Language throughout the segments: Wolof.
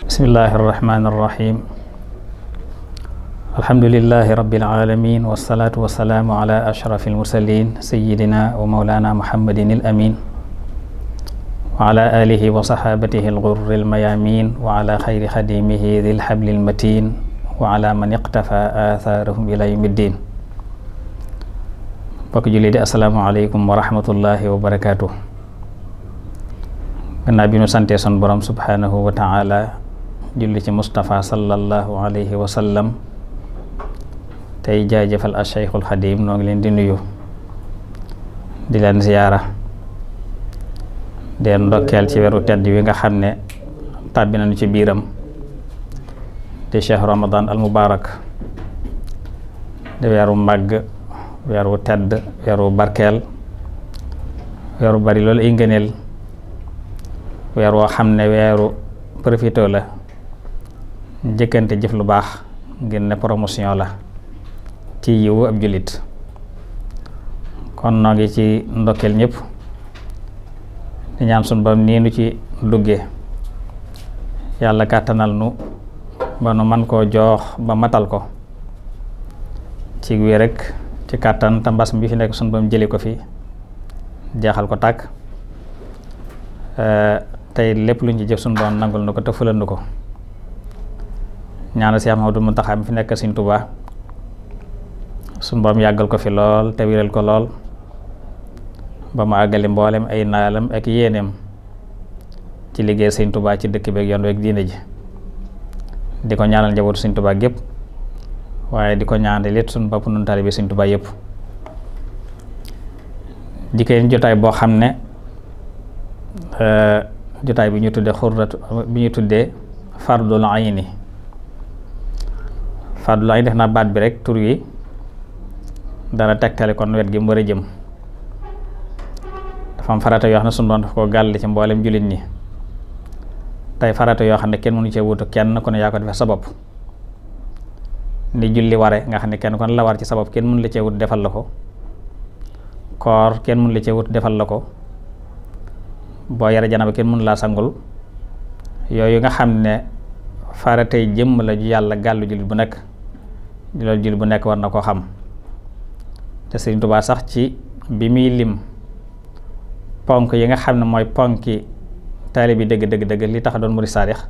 bismillahi irrahmani irrahim alhamdulilahi rabilalamin wasalaatu wasalaamu ala ashrafi almursalin sayidina wa maulana muhammadin al amin wa ala alihi wa saxaabatihi algurri almayamin wa ala xayri xadimihi dil xabli almatin wa ala man iqtafa athaarahum ila yawmi ddin mbokk julli di asalaamu aleykum wa rahmatullahi wa barakaatu gannaaw bi nu sante son borom subhaanahu wa taala julli ci Mustafa sallallahu alayhi wa sallam tey jaajëfal asheykhul xadim noo ngi leen di nuyu di leen ziyaara deen ndokkeel ci weeru tedd wi nga xam ne tàbbi nañu ci biiram di cheikh ramadan al mubarak di weeru màgg weeru tedd weeru barkeel weeru bari loolu ay ngëneel weer woo xam ne weeru profité la njëkkante jëf lu baax ngir ne promotion la ci yiwu ab jullit kon noo ngi ci ndokkeel ñépp di ñaan sun bam nii nu ci duggee yàlla kàttanal nu ba nu man koo joox ba matal ko ci wii rek ci kàttan te mbas mi fi nekk sun bam jëli ko fi jeexal ko tàkk eh, tey lépp lu ñu ci jëf sun bam nangul nu ko te fulal nu ko ñaanal si Ahmadu Muntaxa mi fi nekk Sëriñ Tuubaa sun bam yàggal ko fi lool te wéral ko lool ba mu àggale mbooleem ay naalam ak yéeneem ci liggéey sëñ Tuubaa ci dëkk beeg yoon weeg diine ji di ko ñaanal njabootu sëñ Tuubaa gépp waaye di ko ñaanal lit suñ bopp nun taalibe sëñ Tuubaa yëpp jigéen jotaay boo xam ne euh, jotaay bi ñu tuddee xurratu bi ñu tuddee fardul ayni fardul ayni def naa baat bi rek tur yi dana tegtale kon wet gi mu a jëm fam farata yoo xam ne sunu borom daf koo gàll ci mboolem jullit ñi tey farata yoo xam ne kenn mënu cee wutu kenn ku ne yaa ko defee sa bopp ni julli ware nga xam ne kenn kon la war ci sa bopp kenn mënu la cee wut defal la ko koor kenn mënu la cee wut defal la ko boo yore janaba kenn mënu laa sangul yooyu nga xam ne faratay jëmm la ju yàlla gàllu jullit bu nekk loolu jullit bu nekk war na koo xam te Sëriñ Tuubaa sax ci bi muy lim ponk yi nga xam ne mooy ponk ponki taalibe bi dëgg dëgg li tax doon murid saadix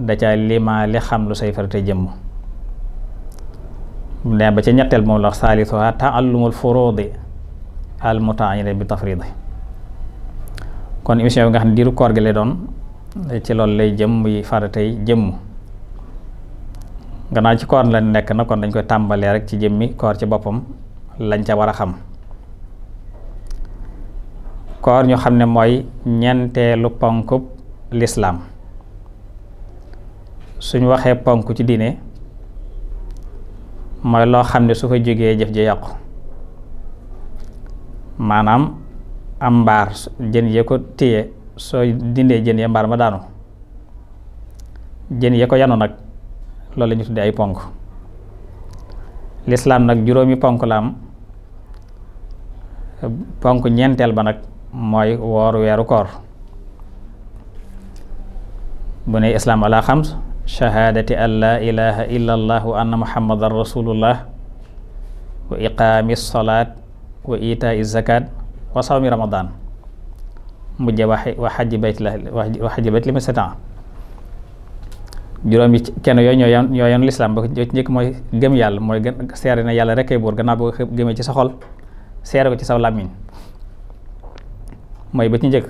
da ca limaale xam lu say farate jëmm ne ba ca ñetteel moom la saalisuha taallumul furuudi al mutaayina bi tafridi kon émission bi nga xam ne diiru koor gi lay doon ci lool lay jëm muy faratey jëmm gannaaw ci koor la nekk na kon dañ koy tàmbalee rek ci jëmmi koor ci boppam lañ ca war a xam koor ñu xam ne mooy ñeenteelu ponkub lislaam suñ waxee ponk ci diine mooy loo xam ne su fa jógee jëf ji yàqu maanaam am mbaar jën yee ko téye soo dindee jën ya mbaar ma daanu jën yee ko yanu nag loolu la ñu tuddee ay ponk lislaam nag juróomi ponk la am ponk ñeenteel ba nag mooy woor weeru koor bu islaam ala xams shahaadati an laa ilaha illa allah wa anna muhammadan rasulullah wa iqaami salaat wa itaa zakat wa sawmi ramadan mujje wa xajji bayt la wa bayt li ma satan juróomi kenn yooyu ñoo ñoo yoon lislaam ba ci njëkk mooy gëm yàlla mooy gën seere na yàlla rek ay buur gannaaw boo gëmee ci sa xol seere ko ci saw làmmiñ mooy ba ci njëkk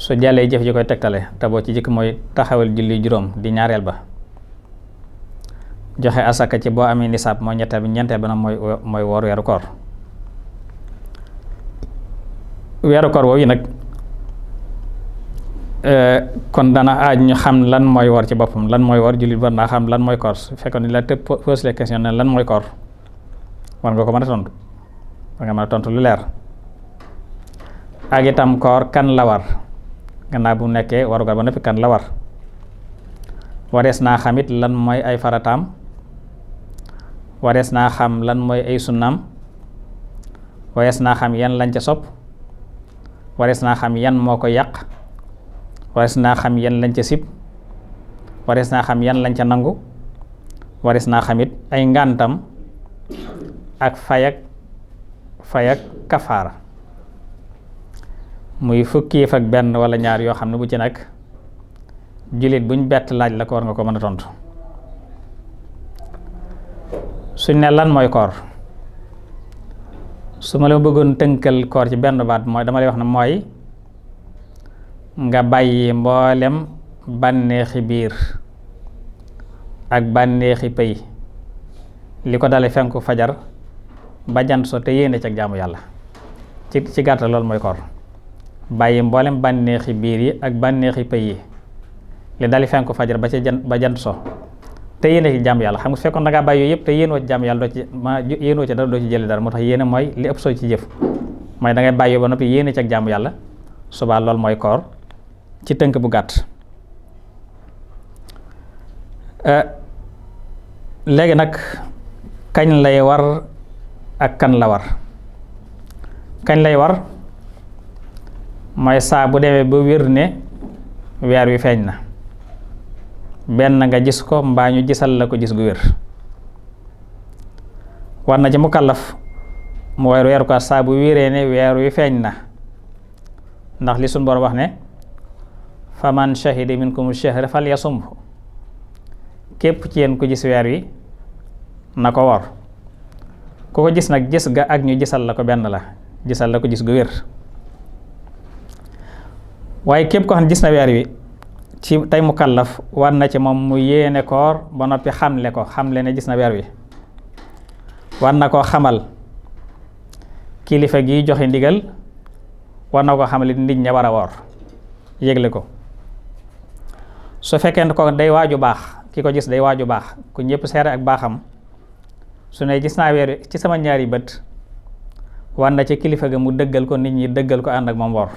su jàllee jëf ji koy tegtale te boo ci njëkk mooy taxawal julli juróom di ñaareel ba joxe asaka ci boo amee nisaab mooy ñetteel bi ñeenteel ba nag mooy mooy woor weeru koor weeru koor woowu nag euh, kon dana aaj ñu xam lan mooy woor ci boppam lan mooy woor jullit war naa xam lan mooy koor su fekkee ni la te pose les questions ne lan mooy koor war nga ko mën tontu war nga mën tontu lu leer ak itam koor kan la war gannaaw bu nekkee warugar ba noppi kan la war warees naa xamit lan mooy ay farataam warees naa xam lan mooy ay sunnaam warees naa xam yan lañ ca sopp warees naa xam yan moo ko yàq warees naa xam yan lañ ca sib warees naa yan lañ ca nangu warees naa xamit ay ngàntam ak fay fayak kafaara muy fukki yëf ak benn walla ñaar yoo xam ne bu ci nag jullit buñ bett laaj la ko war nga ko mën a tontu suñ ne lan mooy koor su ma la bëggoon tënkal koor ci benn baat mooy dama lay wax ne mooy nga bàyyi mboolem bànneexi biir ak bànneexi pëy li ko dale fenku fajar ba jant soo te yéene ci ak jaamu yàlla ci ci gàttal loolu mooy koor bàyyi mboolem bànneexi biir yi ak bànneexi pëy yi li dali fenk ko fajar ba ca jan ba jant soo te yéene ci jàmm yàlla xam nga fekkoon da ngaa bàyyi yooyu yëpp te yéenoo ci jàmm yàlla doo ci ma yéenoo ci dara doo ci jëlee dara moo tax yéene mooy li ëpp soo ci jëf mooy da ngay bàyyi ba noppi yéene ci ak jàmm yàlla subaa loolu mooy koor ci tënk bu gàtt eh, léegi nag kañ lay war ak kan la war kañ lay war mooy saa bu demee ba wér ne weer wi feeñ na benn nga gis ko mbaa ñu gisal la ko gis gu wér war na ci mu kàllaf mu war weer ko saa bu wéree ne weer wi feeñ na ndax li suñ borom wax ne fa man shahida minkumu shahra fal yasum képp ci yéen ko gis weer wi na ko wor ku ko gis nag gis ga ak ñu gisal la ko benn la gisal la ko gis gu wér waaye képp ko xam gis na weer wi ci tey mu kàllaf war na ci moom mu yéene koor ba noppi xamle ko xamle ne gis na weer wi war na koo xamal kilifa gi joxe ndigal war na koo xamal nit ña war a woor yégle ko su fekkee ne ko day waaju baax ki ko gis day waaju baax ku ñëpp seere ak baaxam su ne gis naa weer ci sama ñaari bët war na ci kilifa gi mu dëggal ko nit ñi dëggal ko ànd ak moom woor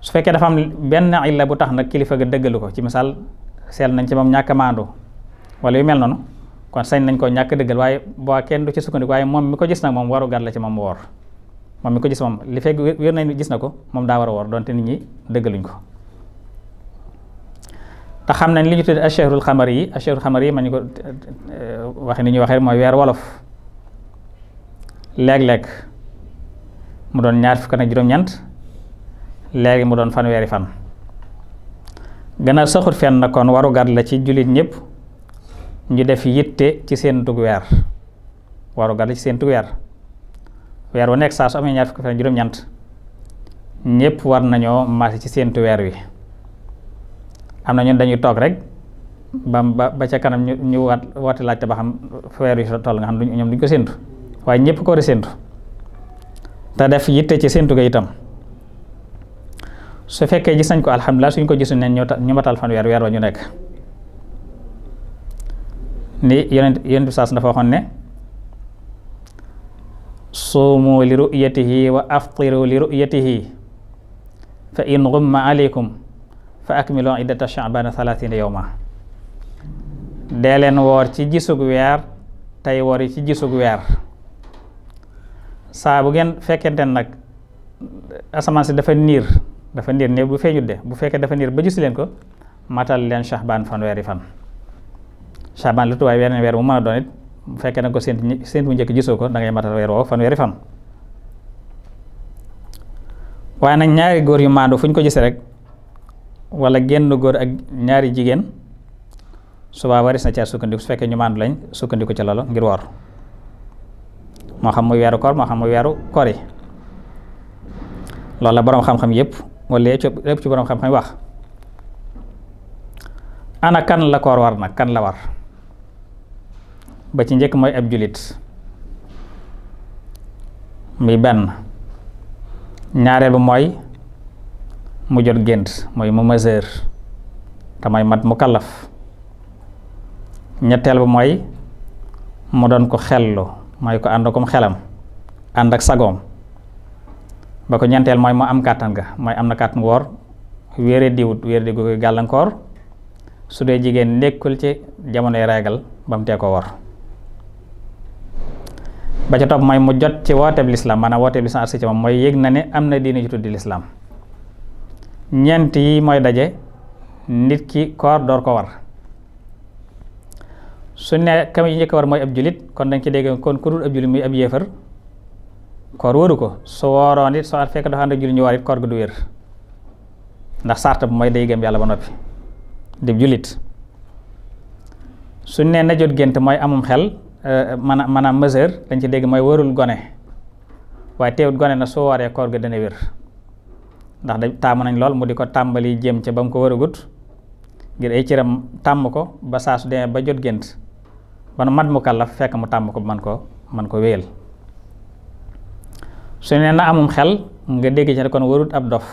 su fekkee dafa am benn illa bu tax nag kilifa ga dëggalu ko ci misaal seel nañ ci moom ñàkk maandu walla yu mel noonu kon sañ nañ ko ñàkk dëggal waaye boo kenn du ci sukkandiku waaye moom mi ko gis nag moom waru gar la ci moom woor moom mi ko gis moom li fekk wér nañ gis na ko moom daa war a woor donte nit ñi dëggaluñ ko te xam nañ li ñu tudd achehrul xamar yi achehrul xamar yi ma ñu ko eh, waxe ni ñuy waxee mooy weer wolof léeg-léeg mu doon ñaar fukk ak léegi mu doon fan weeri fan gannaaw saxut fenn kon warugar la ci jullit ñëpp ñu def yitte ci seen dug weer warugar la ci seen dug weer weer wu nekk saa su amee ñaar fukki fan juróom-ñeent ñëpp war nañoo maase ci seentu weer wi am na ñun dañuy toog rek ba ba ca kanam ñu ñu wat woote laajte ba xam weer wi toll nga xam ñoom duñ ko séentu waaye ñëpp ko war a séentu te def yitte ci séentu ga itam su fekkee gis nañ ko alhamdulilah suñ ko gisul neen ñu matal fan weer weer wa ñu nekk ni yonent yonent saas dafa waxoon ne suumu li ru'yatihi wa aftiru li ru'yatihi fa in ghumma alaykum fa akmilu iddata sha'bana thalathina yawma dee woor ci gisug weer tey woor yi ci gisug weer saa bu ngeen nag asamaan si dafa niir dafa niir ne bu feeñut de bu fekkee dafa niir ba gis leen ko matal leen shahbaan fanweeri fan shahbaan lu tuwaay weneen weer mu mën a bu fekkee nag ko séntu séntu bu njëkk gisoo ko da ngay matal weer woo fanweeri fan waaye nag ñaari góor yu maandu fu ñu ko gisee rek wala génn góor ak ñaari jigéen subaa waris na caa sukkandiku su fekkee ñu maandu lañ sukkandiku ci loolu ngir woor moo xam mu weeru koor moo xam muy weeru koor yi loolu la boroom xam-xam yépp wala lee lépp ci borom xam-xam wax ana kan la koor war nag kan la war ba ci njëkk mooy ab julit muy benn ñaareel ba mooy mu jot gént mooy mu majeur te mat mu kallaf ñetteel ba mooy mu doon ko xellu mooy ko ànd akom xelam ànd ak sagoom ba ko ñeenteel mooy mu am kàttan ga mooy am na kàttan woor wéere diwut wéere di koy gàllankoor su dee jigéen nekkul ci jamonoy reegal ba mu tee ko woor ba ca topp mooy mu jot ci wooteeb lislaam maanaam wooteeb lislaam agsi ci mooy yëg na ne am na diine ju tuddi lislaam ñeent yi mooy daje nit ki koor door ko war su ne kam yi war mooy ab julit kon dañ ci dégg kon ku ab julit muy ab yéefar koor wëru ko su wooroon it soo at fekk dafa ànd ak julli ñu war it koor gi du wér ndax sart bu mooy day gëm yàlla ba noppi di jullit su nee na jot gént mooy amum xel euh, mana maanaam mesure dañ ci dégg mooy wërul gone waaye teewut gone na soo waree koor gi dana wér ndax da tàmm nañ lool mu di ko tàmbali jéem ca ba mu ko wëragut ngir ay cëram tàmm ko ba saa su demee ba jot gént ba mat mu kàllaf fekk mu tàmm ko ba man ko man ko wéyal su ne na amum xel nga dégg ci ne kon warut ab dof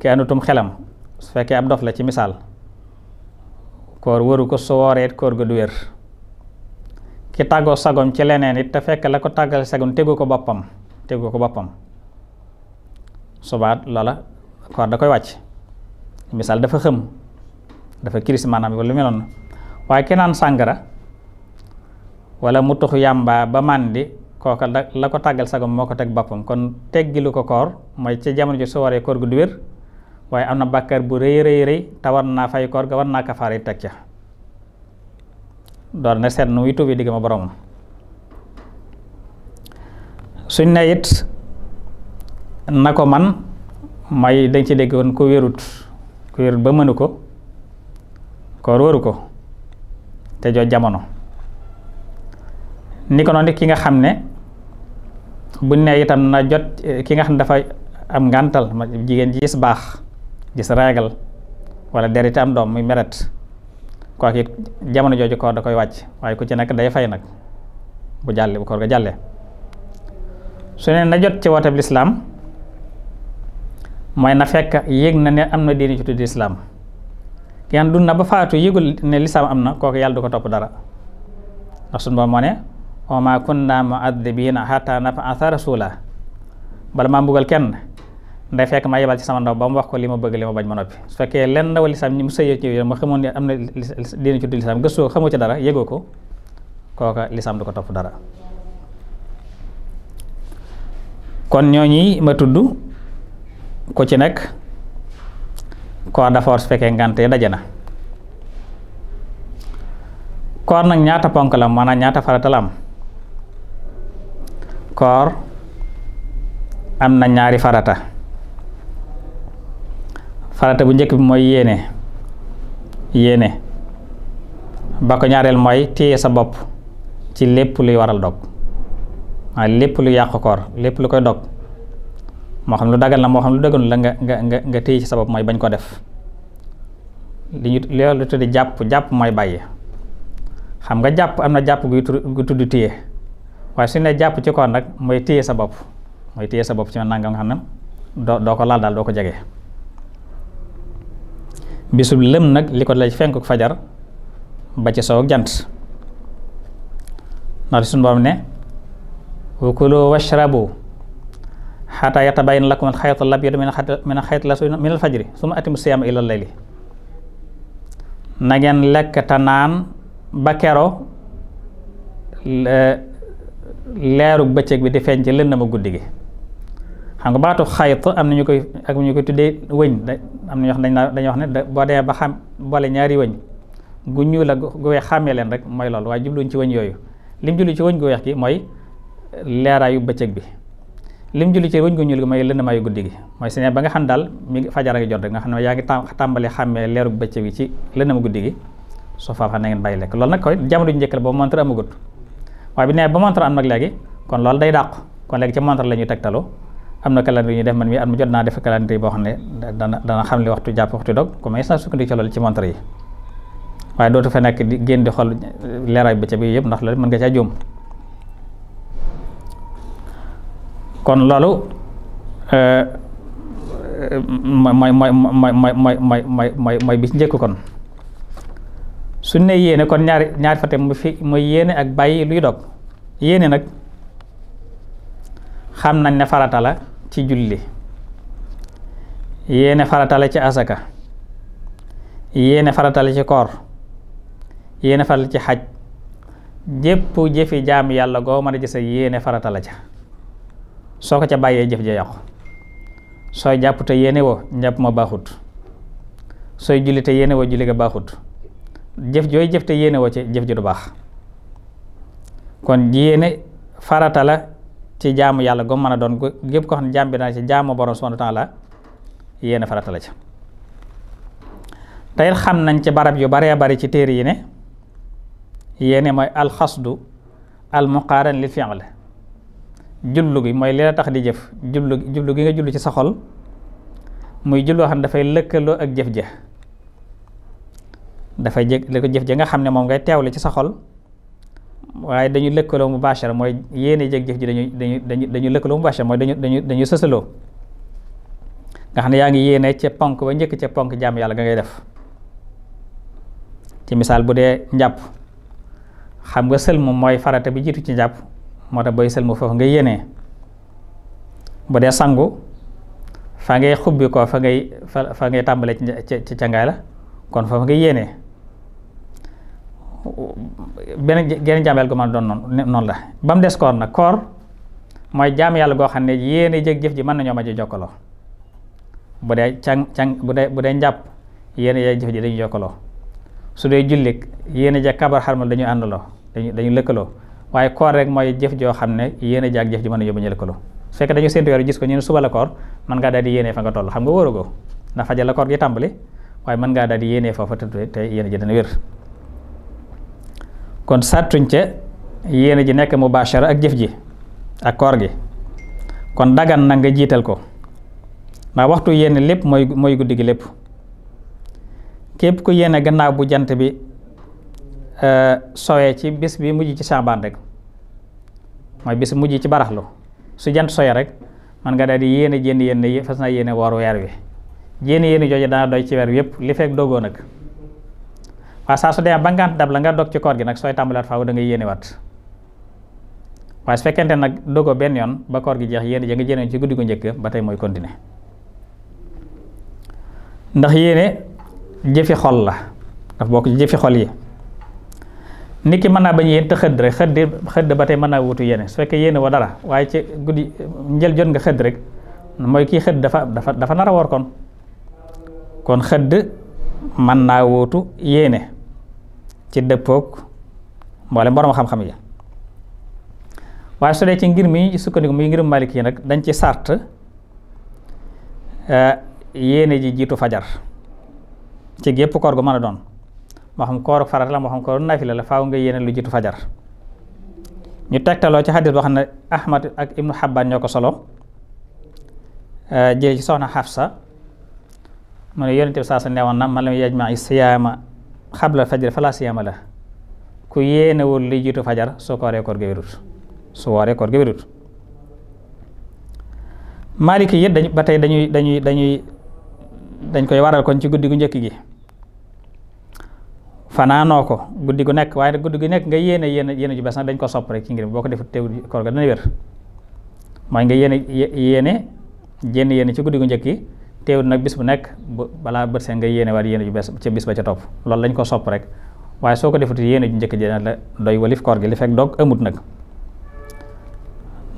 ki anutum xelam su fekkee ab dof la ci misaal koor waru ko su wooree koor ga du wér ki tàggoo sagom ci leneen it te fekk la ko tàggal sagom tegu ko boppam tegu ko boppam subaat loola koor da koy wàcc misaal dafa xëm dafa kiris maanaam wala lu meloon waaye ki naan sàngara wala mu tuxu ba màndi kooka la la ko tàggal sagam moo ko teg boppam kon teggilu ko koor mooy ci jamono ji su waree koor gu du wér waaye am na bàkkaar bu rëy rëy rëy naa fay koor ga war naa kafaar yi teg ca door na seet nu muy tuubi digg ma boromam suñ ne it na ko man mooy dañ ci dégg woon ku wérut ku wérut ba mënu ko koor wëru ko te joo jamono ni ko noonu ki nga xam ne buñ ne itam na jot eh, ki nga xam ne dafa am ngàntal ma jigéen ji gis baax gis reegal wala derite am doom muy meret kook it jamono jooju koor da koy wàcc waaye ku ci nekk day fay nag bu jàlle bu koor ga jàllee na jot ci woote lislaam mooy na fekk yéeg na ne am na diini ci tudd lislaam yan dund na ba faatu yëgul ne lislaam am na kook yàlla du ko topp dara ndax suñu boo moo ne wa ma kunna mu'addibina hatta nab'atha rasula bala maa mbugal kenn nday fekk ma yebal ci sama ndaw ba mu wax ko li ma bëgg li ma bañ ma noppi su fekkee lenn ndaw lislaam mu sëyee ci yow ma xamoon ne am na diine ci du lislaam gëstoo xamoo ci dara yëgoo ko kooka lislaam du ko topp dara kon ñooñi ma tudd ku ci nekk koor dafa su fekkee ngante daje na koor nag ñaata ponk la maanaam ñaata farata am koor am na ñaari farata farata bu njëkk bi mooy yéene yéene ba ko ñaareel mooy téye sa bopp ci lépp luy waral dog waaye lépp lu yàq koor lépp lu koy dog moo xam lu dagal la moo xam lu dëgganul la nga nga nga nga téye sa bopp mooy bañ ko def li ñu loolu tuddi jàpp jàpp mooy bàyyi xam nga jàpp am na jàpp guy tudd téye waaye suñu lay jàpp ci koor nag mooy téye sa bopp mooy téye sa bopp ci nangam nga xam ne doo ko laal daal doo ko jege bisu lëm nag li ko lay fenk fajar ba ci sow ak jant ndax li suñu borom ne wa kulu washrabu xataa yatabayyana lakum alxaytu labyadu min alxayti laswadi min alfajri summa atimu siyaama ila layli na ngeen lekk te naan ba kero leeru bëccëg bi di feeñ ci lëndama guddi gi xam nga baatu xayt am na ñu koy ak ñu koy tuddee wëñ am na ñoo xam dañuy wax ne da boo demee ba xam boole ñaari wëñ gu ñuul ak gu weex xàmmee leen rek mooy loolu waaye ci wëñ yooyu lim jublu ci wëñ gu weex gi mooy leeraayu bëccëg bi lim julli ci wëñ gu ñuul gi mooy lëndamaayu guddi gi mooy seen ba nga xam daal mi ngi fajar a ngi jot rek xam ne yaa ngi tàmbali xàmmee leeru bëccëg gi ci lëndama guddi gi soo faa na ngeen bàyyi lekk loolu nag koy jamono ju njëkk la boobu montre amagut waaye bu ñu ba montre am nag léegi kon loolu day dàqu kon léegi ci montre la ñuy tegtalu am na calendrier ñu def man mii at mu jot naa def calendrier boo xam ne dana dana xam li waxtu jàpp waxtu dog ko may sa sukkandiku ci loolu ci montre yi waaye dootu fa nekk di génn di xool leeraay bi ca bi yëpp ndax loolu mën nga caa juum kon loolu mooy mooy mooy mooy mooy mooy mooy mooy bi ci njëkk kon su ne yéene kon ñaari ñaari fate mu fi mooy yéene ak bàyyi luy dog yéene nag xam nañ ne farata la ci julli yéene farata ci asaka yéene farata ci koor yéene farata ci xaj jépp jëfi jaam yàlla goo mën a gis yéene farata la ca soo ko ca bàyyee jëf ja yàqu sooy jàpp te yéene woo njàpp ma baaxut sooy julli te yéene woo julli ga baaxut jëf jooy jëf te yéenewoo woo ci jëf ji du baax kon yéene farata la ci jaamu yàlla gom mën a doon gépp ko xam ne jaam bi dana ci jaamu borom subhanahu wa taala yéene farata la ci tey xam nañ ci barab yu baree bari ci téere yi ne yéene mooy alxasdu almuqaaran lil jublu gi mooy li la tax di jëf jublu jublu gi nga jublu ci sa xol muy julloo xam ne dafay lëkkaloo ak jëf ja dafay jëg li ko jëf ji nga xam ne moom ngay teew teewle ci sa xol waaye dañu lëkkaloo mu bachar mooy yéene jëg ji dañu dañu dañu dañu lëkkaloo mu bachar mooy dañu dañu dañu sësaloo nga xam ne yaa ngi yéene ca ponk ba njëkk ca ponk jàmm yàlla nga ngay def ci misaal bu dee njàpp xam nga sël sëlmu mooy farata bi jiitu ci njàpp moo tax booy sëlmu foofu nga yéene bu dee sangu fa ngay xubbi ko fa ngay fa fa ci ca la kon foofu nga yéene benn genn jaam yàlla gu mën a doon noonu la ba mu des koor nag koor mooy jaam yàlla goo xam ne yéene jëg jëf ji mën nañoo ma ji bu dee càng càng bu dee bu dee njàpp yéene jëg jëf ji dañuy jokkaloo su dee jullit yéene ja kabar xarmal dañuy àndaloo dañuy dañuy lëkkaloo waaye koor rek mooy jëf joo xam ne yéene jaag jëf ji mën nañoo bañ a lëkkaloo su fekkee dañu séntu weer gis ko ñu ne suba la koor mën ngaa daal di fa nga toll xam nga wóoragoo ndax fajal la koor gi tàmbali waaye mën ngaa daal di yéene foofa te yéene ji dana wér kon sàttuñ ca yéene ji nekk mubaashara ak jëf ji ak koor gi kon dagan na nga jiital ko ndax waxtu yéene lépp mooy mooy guddi gi lépp képp ku yéene gannaaw bu jant bi euh, sowee ci bis bi mujj ci saabaan rek mooy bis mujj ci baraxlu su jant soyee rek man nga daal di yéene jénn yéen fas naa yéene woor weer wi jénn yéen jooju dana doy ci weer wi yëpp li fekk dogoo nag waaw saa su dee ba ngant dab la nga dog ci koor gi nag sooy tàmbalaat faaw da ngay yéene waat waaye su fekkente nag dogo benn yoon ba koor gi jeex yéene ja nga jënoon ci guddi gu njëkk ba tey mooy continuer jëfi xol la daf bokk ci xol yi nit ki mën naa bañ yéen xëdd rek xëdd xëdd ba tey mën naa wutu yéene su fekkee yéene wa dara waaye ci guddi njël jot nga xëdd rek mooy kii xëdd dafa dafa dafa nar a woor kon kon xëdd man naa wootu yéene ci dëppoog mboolem borom xam-xam yi waaye su dee ci ngir mi sukkandiku mu ngirum malik yi nag dañ ci sart eh, yéene ji jiitu fajar ci gépp koor gu mën a doon moo xam kooru farata la moo xam kooru nafila la faaw nga yéene lu jiitu fajar ñu tegtaloo ci xadis boo xam ne ahmad ak ibnu xabbaan ñoo ko solo eh, jële ci soxna xafsa mu ne yonente bi saa sa neewoon na man lam yajma siyaama xabla fajar falaa siyaama la ku yéenewul li jiitu fajar soo ko waree koor gi wérut su waree koor gi wérut maaliki yit dañ tey dañuy dañuy dañuy dañ koy waral kon ci guddi gu njëkk gi fanaanoo ko guddi gu nekk waaye nag gu nekk nga yéene yéene yéene ju bees nag dañ ko sopp rek ci ngir boo ko def te koor ga dana wér mooy nga yéene yéene jénn yéene ci guddi gu njëkk gi teewul nag bis bu nekk balaa bët seen nga yéene waat yéene ju bees ca bis ba ca topp loolu lañ ko sopp rek waaye soo ko defut yéene ju njëkk ji la doy walif koor gi li fekk doog amut nag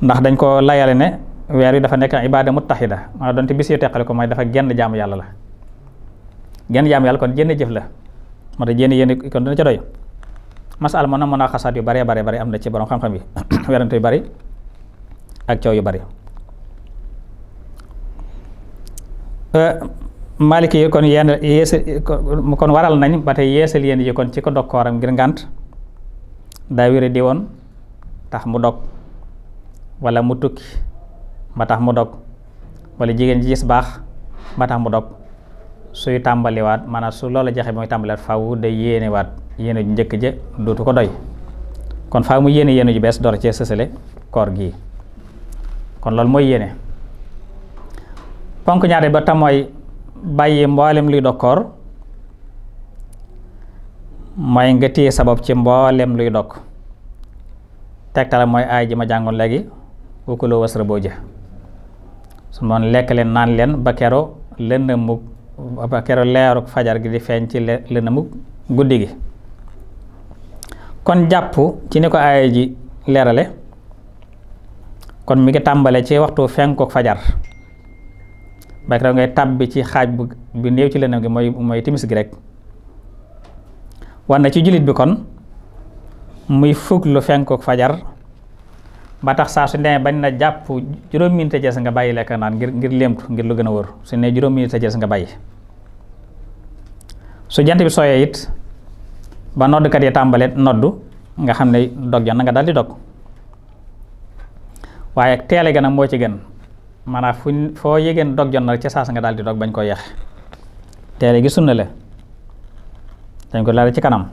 ndax dañ ko layale ne weer yi dafa nekk ibaada muttaxida maanaam donte bis yu teqale mooy dafa genn jaamu yàlla la genn jaamu yàlla kon jenn jëf la moo tax jenn yéene kon dana ca doy masal mën a mën a xasaat yu bare bare bare am na ci borom xam-xam yi werante yu bari ak coow yu bari Euh, maliki yi kon yenn yeesal kon waral nañ ba tey yeesal yenn yi kon ci ko dog kooram ngir ngànt daa wéri di woon tax mu dog wala mu tukki ba tax mu dog walla jigéen ji gis baax ba tax mu dog suy tàmbaliwaat maanaam su loola jaxe mooy tàmbaliwaat faaw day yéenewaat yéene ju njëkk ja dootu ko doy kon faaw mu yéene yéene ju bees door cee sësale koor gi kon loolu mooy yéene ponk ñaari ba tam mooy bàyyi mboolem luy dog koor mooy nga téye sabab ci mboolem luy dog tegtala mooy aay ji ma jàngoon léegi ukkuloo wasra boo jë su noonu lekk leen naan leen ba kero lëndëmug fajar gi di feeñ ci lëndëmug guddi gi kon jàpp ci ni ko aay ji leerale kon mi ngi tàmbale ci waxtu fenkook fajar ba keroog ngay tàbbi ci xaaj bu bu néew ci leneen gi mooy mooy timis gi rek war na ci jullit bi kon muy fukk lu fenkook fajar ba tax saa su demee bañ na jàpp juróom minute jees nga bàyyi lekk naan ngir ngir léemtu ngir lu gën a wóor su ne juróom minute jees nga bàyyi su jant bi sooyee it ba noddukat yi tàmbalee noddu nga xam ne dog jan na nga daal di dog waaye teele gën a moo ci gën maanaam fu foo yégéen dog jot na rek ca saasa nga daal di dog bañ koo yeex teere gi sunna la dañ ko daal ci kanam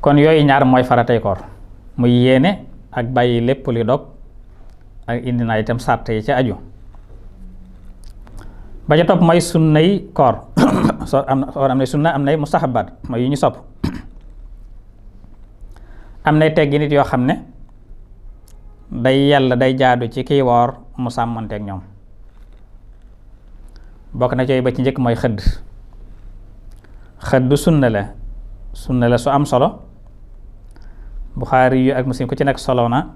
kon yooyu ñaar mooy faratay koor muy yéene ak bàyyi lépp li dog ak indi naa itam sàrt yi ca aju ba ca topp mooy sunnay koor soo am soo am nay sunna am nay mustahabaat mooy yu ñu sopp am nay teggi nit yoo xam ne day yàlla day jaadu ci kii woor mu sàmmanteeg ñoom bokk na cooy ba ci njëkk mooy xëdd xëdd sunna la sunna la su am solo buxaari yu ak muslim ku ci nekk solo na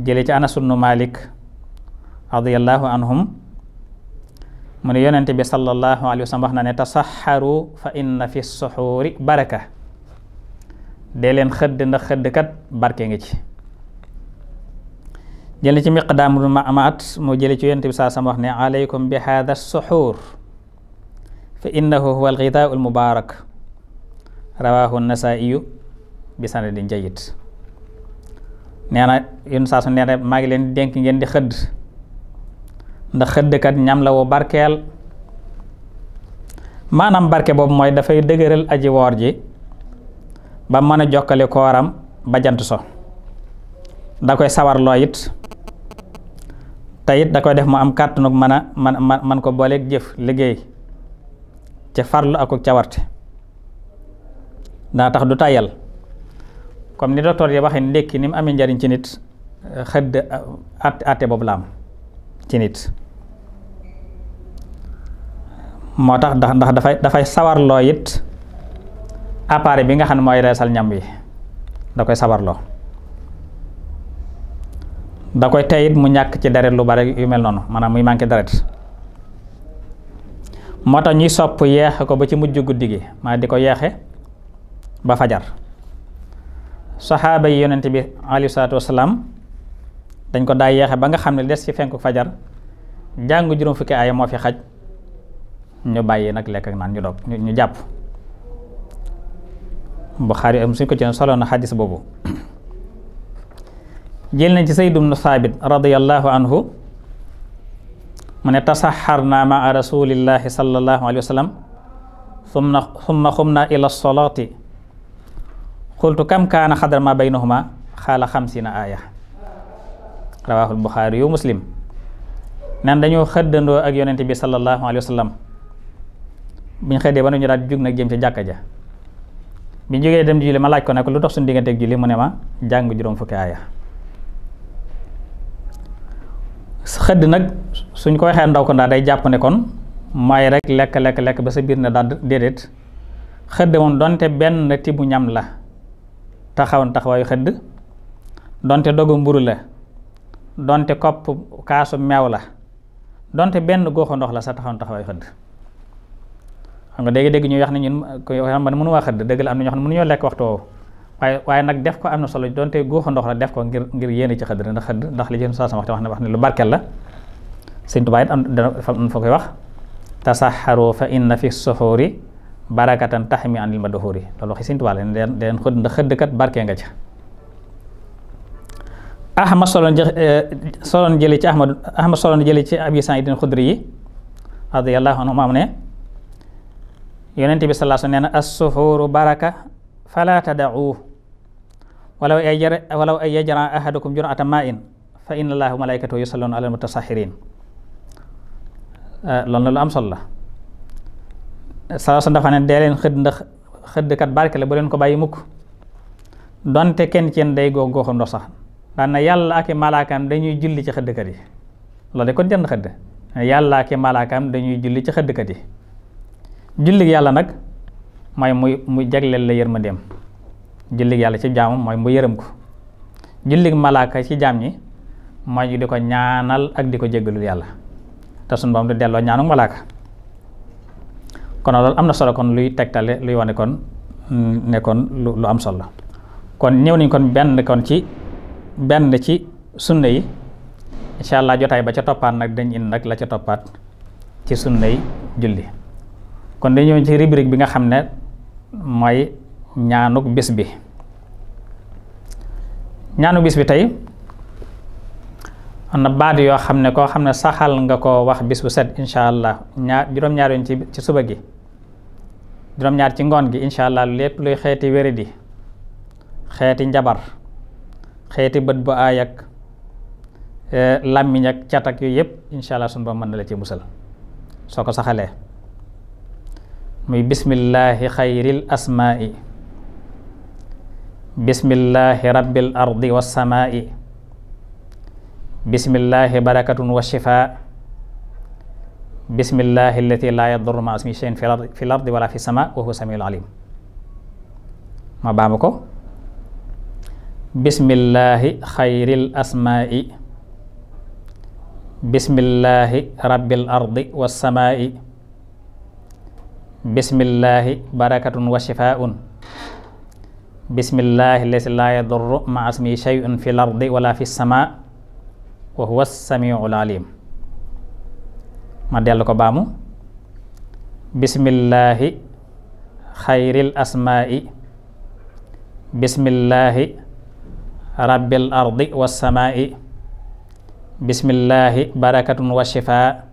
jële ci anas ibnu malik radiallahu anhum mu ne yonente bi sallallahu alayhi wa sallam wax na ne tasaxaru fa inna fi suxuuri baraka dee leen xëdd ndax xëdd kat barke ngi ci jële ci miqdaam bu ma amaat moo jële ci went bi saa sam wax ne aleykum bi haada suxuur fa innahu huwa alxidaau almubaarak rawaahu nasaiyu bi sanadin jayyid nee na yun saa su nee na maa ngi leen di dénk ngeen di xëdd ndax xëddkat ñam la wu barkeel maanaam barke boobu mooy dafay dëgëral aji woor ji ba mën a jokkale kooram ba jant da koy sawarloo it te da koy def mu am kàttanug mën a man man ko booleeg jëf liggéey ca farlu ak cawarte tax du tàyyal comme ni docteur yi waxee ndékki ni mu amee njariñ ci nit eh, xëdd at eh, atte moo tax ndax ndax dafay dafay sawarloo it appareil bi nga xam ne mooy reesal ñam wi da koy sawarloo da koy teyit mu ñàkk ci deret lu bari yu mel noonu maanaam muy manqué deret moo tax ñuy sopp yeexe ko ba ci mujj guddi gi ma di ko yeexe ba fajar saxaaba yi yonent bi alayhi salaatu wasalaam dañ ko daa yeexe ba nga xam ne des ci fenku fajar jàng juróom fukki aaya moo fi xaj ñu bàyyi nag lekk ak naan ñu dog ñu jàpp bu am suñ ko ci solo na xadis boobu jël na ci Zayd ibnu Saabit radiyallahu anhu mu ne tasaxarna maa rasulillahi sallallahu alayhi wa sallam summa summa xumna ila solaati qultu kam kaana xadra ma baynahuma xaala xamsina aaya rawaahu albuxaari yu muslim nan dañoo xëddandoo ak yonente bi sallallahu alayhi wa sallam biñ xëddee ba ñu daal jug nag jëm ci jàkka ja biñ jógee dem julli ma laaj ko ne ko lu tax suñu digganteeg julli mu ne ma jàng juróom fukki aaya xëdd nag suñ ko waxee ndaw ko ndaa day jàpp ne kon may rek lekk lekk ba sa biir na daal déedéet xëdd moom donte benn tibu ñam la taxawoon taxawaayu xëdd donte dogu mburu la donte kopp kaasu meew la donte benn goxu ndox la sa taxawoon taxawaayu xëdd xam nga dégg-dégg ñuy wax ne ñun ko xam man mënu waa xëdd dëgg la am na ñoo xam ne mënuñoo lekk waxtu woowu waaye waaye nag def ko am na solo donte góoxa ndox la def ko ngir ngir yéene ci xëdd ndax xëdd ndax li jëm la sëñ Tuubaa it am dana fa koy wax tasaxaru fa inna fi soxoori barakatan taxmi anil madhuri loolu waxi sëñ Tuubaa la deen deen xëdd ndax xëddkat barkee nga ca ahmad solon eh, solon jële ci ahmad ahmad solon jële ci abi saidin xudri yi radiyallahu anhu am ne yonente bi sallallahu alayhi wa sallam nee na as-suxuuru walaw ay yara walaw ay yajra ahadukum jur'ata ma'in fa inna allaha wa malaikatahu yusalluna ala al-mutasahhirin eh, loolu na lu am solo la saa su dafa ne dee leen xëdd ndax xëddkat barke la bu leen ko bàyyi mukk donte kenn ci yéen day góog góoxu ndox sax daan na yàlla ak i malaakaam dañuy julli ci xëddkat yi loolu de kon jënd xëdd yàlla dañuy julli ci xëddkat yi julli yàlla nag mooy muy muy jagleel la yërmandeem jullig yàlla ci jaamam mooy mu yërëm ko jullig malaaka ci jaam ñi mooy ñu di ko ñaanal ak di ko jéggalul yàlla te suñu boom delloo ñaanu malaaka kon loolu am na solo kon luy tegtale luy wane kon mm, nekkoon kon lu am solo kon ñëw nañ kon benn kon ci benn ci sunna yi incha allah jotaay ba ca toppaat nag dañ indi nag la ca toppaat ci sunna yi julli kon dañu ci rubrique bi nga xam ne mooy ñaanuk bis bi ñaanu bis bi tey am na baat yoo xam ne koo xam ne saxal nga ko wax bis bu set incha allah ñaar juróom-ñaar yoon ci suba gi juróom-ñaar ci ngoon gi incha allah lépp luy xeeti wéri di xeeti njabar xeeti bët bu aay ak eh, làmmiñ ak cat ak yooyu yëpp incha allah sunu ba mën na la ci musal soo ko saxalee muy bismillahi xayril asmaa'i bismillahi rabbil ardi wassamaa'i bismillahi barakatun wa shifa bismillahi allati laa yadurru ma asmi shay'in fil ardi wala fi sama wa huwa samiul alim ma baamu ko bismillahi xayril asmaa'i bismillahi rabbil ardi wassamaa'i bismillahi barakatun wa shifaa'un bismillahi alladi laa yadurru ma asmi shay'un fi l ardi wala fi sama wa huwa samiul alim ma dellu ko baamu bismillahi xayril asmaai bismillahi rabbil ardi was samaai bismillahi barakatun wa shifaa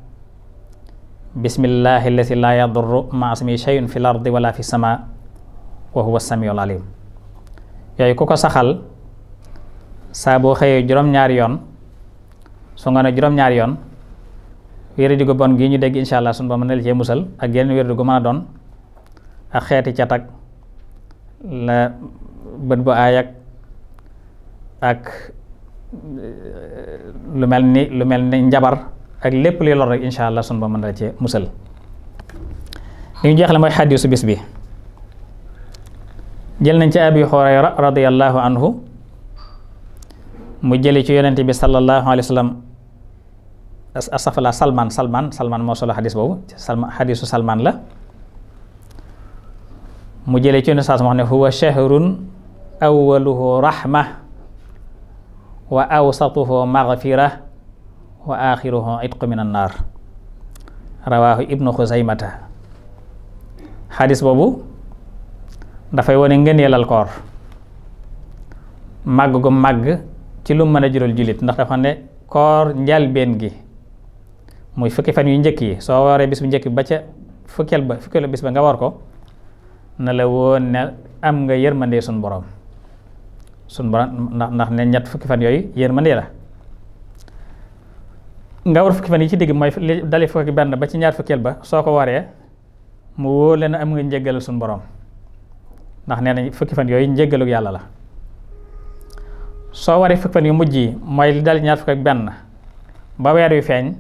bismillahi alladi laa yadurru ma asmi shay'un fi l ardi wala fi sama wa huwa samiul alim yooyu ku ko saxal saa boo xëyee juróom-ñaari yoon su nga ne juróom-ñaari yoon wér di gu bon gii ñu dégg incha allah suñu ba mën na la cee musal ak yenn wér di gu bët bu aay ak lu mel ni lu mel ni njabar ak lépp li lor rek incha allah suñu ba mën na la cee musal li ñu jeexle mooy xadiisu bis bi jël nañ ci abi hurayra radiallahu anhu mu jëli ci yonente bi sallallahu alayhi wa sallam astafala salman salman salman moo solo boobu salman salman la mu jëlee ci yonent saas moo huwa shahrun awaluhu rahma wa awsatuhu maghfira wa axiruhu min annaar rawaahu ibnu xuzaymata xadis boobu dafay wane ngëneelal koor màgg gu màgg ci lu mën a jural jullit ndax dafa ne koor njalbeen gi muy fukki fan yu njëkk yi soo waree bis bu njëkk ba ca fukkeel ba fukkeelu bis ba nga war ko na la woon ne am nga yërmande suñ borom suñ borom ndax ndax ne ñett fukki fan yooyu yërmande la nga war fukki fan yi ci digg mooy li dali fukki benn ba ci ñaar fukkeel ba soo ko waree mu wóor leen am nga njëggal suñ borom ndax nee nañ fukki fan yooyu njéggalug yàlla la soo waree fukki fan yu mujj yi mooy li dal ñaar fukk ak benn ba weer yu feeñ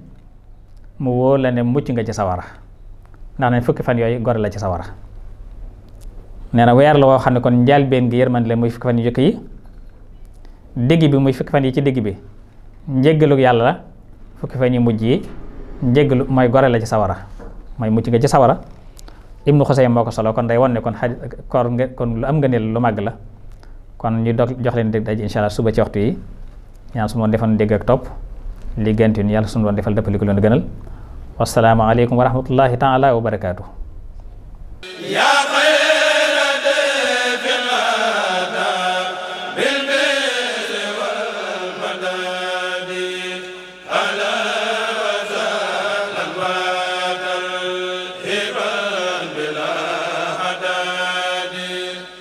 mu wóor mucc nga ci sawara ndax ne fukki fan yooyu gore la ci sawara nee na weer la woo xam ne kon njëlbéen gi yërmande la muy fukki fan yu njëkk yi digg bi muy fukki fan yi ci digg bi njéggalug yàlla la fukki fan yi mujj yi njéggalu mooy gore la ci sawara mooy mucc nga ci sawara ibnu xusey moo ko solo kon day wan ne kon xaj koor nga kon lu am nga neel lu mag la kon ñu dog jox leen dégg daj incha suba ci waxtu yi ñaan su ma defoon dégg ak topp li gënt ñu yàlla suñu doon defal dëppali ko leen gënal wasalaamaaleykum wa rahmatullahi taala wa barakaatu.